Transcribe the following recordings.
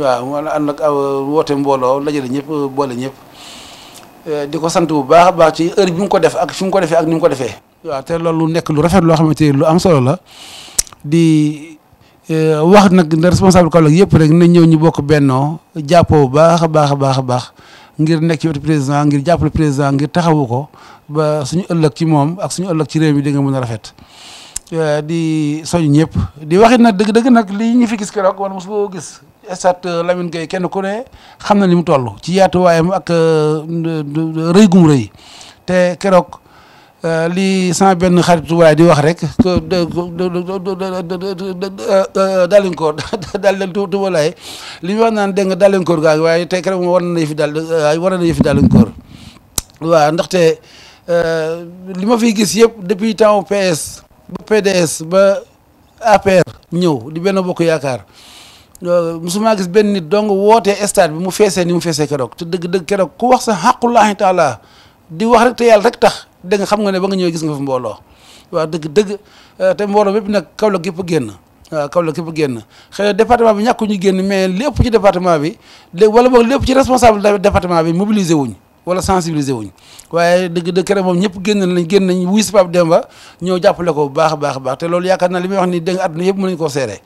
waaw wala ànd ak woote mbooloo lajale ñëpp boole ñëpp eh, di ko sant bu baax a baax ci heure bi mu ko def ak fi mu ko defee ak ni mu ko defee. waaw te loolu nekk lu rafet loo xamante ni lu am solo la di eh, wax nag responsable Kaolack yëpp rek na ñëw ñu bokk bennoo jàppoo bu baax a baax a baax a baax ngir nekk ci président ngir jàppale président ngir taxawu ko ba suñu ëllëg ci moom ak suñu ëllëg ci réew mi di nga mën a rafet. Eh, di soñ ñëpp di waxit nag dëgg-dëgg nag lii ñu fi gis keroog wala mosu ko gis. estat Lamine Gueye kenn ku ne xam na ni mu toll ci yaatuwaayam ak rëy gum rëy te keroog li sama benn xaritu waay di wax rek dalinkoor dal leen tubalaay li ñu wax naan dégg nga dalinkoor gaa waaye te keroog moom war na yëfi daal war na yëfi dalinkoor waaw ndaxte li ma fi gis yëpp depuis temps ba PDS ba APR ñëw di benn bokk yaakaar musuma gis benn nit dong wootee stade bi mu feesee ni mu feesee keroog te dëgg-dëgg keroog ku wax sa xaqullahi taala di wax rek te yàlla rek tax dégg nga xam nga ne ba nga ñëwee gis nga fi mbooloo waaw dëgg-dëgg euh, te mbooloo bépp nag Kaolack gépp génn waaw Kaolack gépp génn xëy bi ñàkku ñu génn mais lépp ci département bi léegi wala boog lépp ci responsable département bi mobilisé wuñ wala sensibiliser wuñ waaye dëgg dëgg keroog moom ñëpp génn nañ génn nañ wuy si Pape Demba ñëw jàppale ko bu baax a baax te loolu yaakaar na li may wax ni dégg nga àdduna yëpp mën nañu koo seere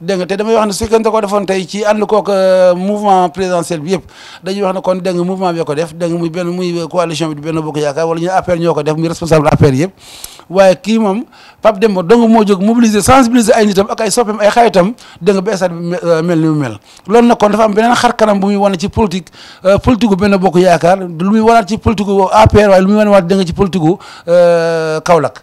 dégg nga te damay wax ne su fekkente ko defoon tey ci ànd kook euh, mouvement présidentiel bi yëpp dañuy wax ne kon dégg nga bi ko def muy benn muy coalition bi di benn bokk wala ñu APR ñoo ko def muy responsable APR yëpp waaye kii moom Pape Demba dong moo jóg mobiliser sensibiliser ay nitam ak ay soppeem ay xaritam dégg nga ba stade euh, mel ni mu mel loolu nag kon dafa am beneen xar kanam bu muy wane ci politique euh, politique gu benn bokk yaakaar lu muy wanaat ci politique gu APR waaye lu muy wanaat nga ci politique gu euh, Kaolack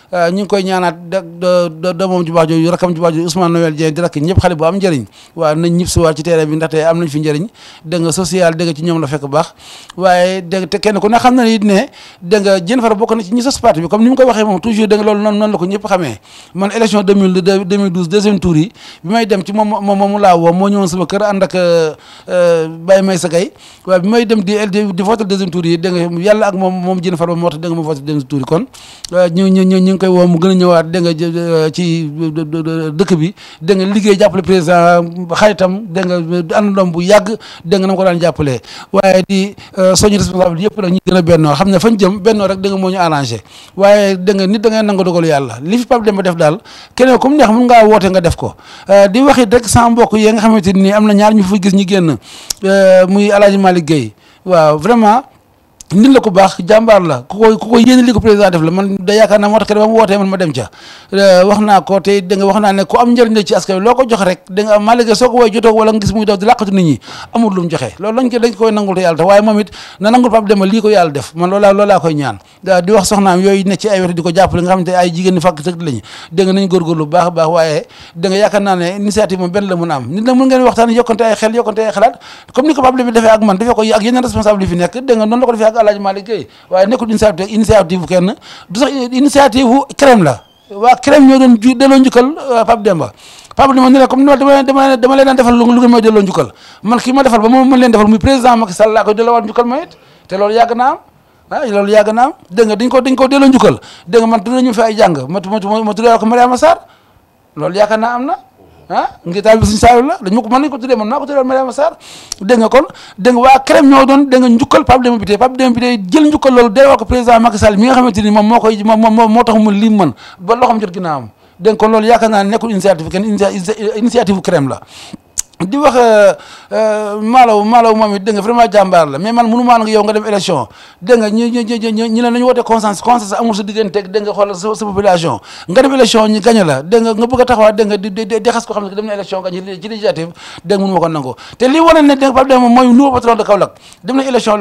Euh, ñu ngi koy ñaanaat da da moom ju baax jooju rakam ju baax jooju Ousmane Noël Dieng di rakk ñëpp xale bu am njëriñ waaw nañ ñëpp siwaat ci terrain bi ndaxte am nañ fi njëriñ dégg nga social ci ñoom la fekk baax waaye dégg kenn ku ne xam na ne ne dégg nga Diène Farba bokk ni mu ko waxee moom moom moom moomu laa woo moo ñëwoon sama kër ànd ak euh, euh, Baye May Sagay waaye bi may dem di di voter deuxième tour yi dégg nga ak moom moom Diène Farba moo tax dégg nga ma voter deuxième koy woo mu gën a ñëwaat dégg nga ci dëkk bi dégg nga liggéey jàppale président xaritam dégg nga àndandoom bu yàgg dégg nga na ko daan jàppalee waaye di euh, soñu responsable yëpp nag ñu gën a bennoo xam ne fañ jëm bennoo rek dégg nga moo ñu waaye dégg nga nit da ngay nangu dogalu yàlla li fi Pape Demba def daal keneen comme neex mun ngaa woote nga def ko euh, di wax it rek sama mbokk yee nga xamante ni am na ñaar ñu fa gis ñu génn euh, muy Alaaji Malick Gueye waaw vraiment nit la ko baax jambar la ko ko ko yene li ko president def la man da yakarna mo taxere bam wote man ma dem ci wax na ko tay de nga wax na ne ko am njariñ ci askay loko jox rek de nga malige soko way jotok wala ngiss muy daw di laqatu nit ñi amul lu mu joxe lolou lañ ko dañ koy nangul te yalla ta waye momit na nangul pap dem li ko yalla def man lolou lolou la koy ñaan da di wax soxnaam yoy ne ci ay wete diko japp li nga xamne ay jigen ni fak tek lañ de nga nañ gor gor lu baax baax waye de nga yakarna ne initiative ben la mu am nit la mu ngeen waxtan yokante ay xel yokante ay xalat comme ni ko pap defé ak man defé ko ak yeneen responsable fi nek de nga non la ko defé ak Alaaji Malick Gueye waaye nekkul initiative initiative kenn du sax initiative wu CREM la waa CREM ñoo doon ju delloo euh, Demba Pape Demba ne la comme ma defal muy président Macky Sall laa koy delloowaat njukkal ma it te loolu yàgg am ah loolu ko dañ ko delloo man tudd nañu fi ay jàng ma ma am na ah ngi taal bi suñu saalu la dañ ma ko mën nañ ko tuddee man maa ko tuddee Mariama Sarr dégg kon dégg nga waa CREM ñoo doon dégg njukkal Pape Demba Bitèye Pape Demba Bitèye jël njukkal loolu delloo ko président Macky Sall mi nga xamante ni moom moo koy moom moo tax mu li mën ba loxoom jot ginnaawam dégg nga kon loolu yaakaar naa initiative kenn initiative CREM la di wax euh, euh, Malaw Malaw moom it dégg nga la mais man mënu maa yow nga dem élection dégg nga ñu ñu ñu ñu ne nañu woote consensus consensus amul sa digganteeg dégg nga xoolal sa sa population nga dem élection dem na élection gañe ci législative dégg nga nangu te li wane ne dégg nga Pape mooy nouveau patron de Kaolack dem na élection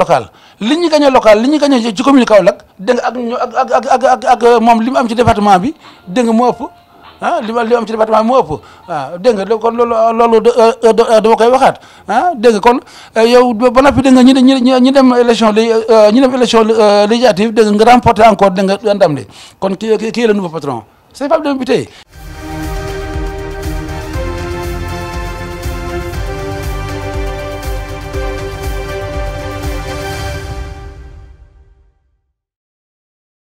moom li mu am ci département bi dégg nga moo ha limal li am ci département mo upp wa deug nga kon lolu lolu dama koy waxat ha deug kon yow ba nopi deug nga ñi ñi dem élection li ñi dem élection législative deug nga remporter encore deug nga ndam de kon ki ki la nouveau patron c'est pas de buter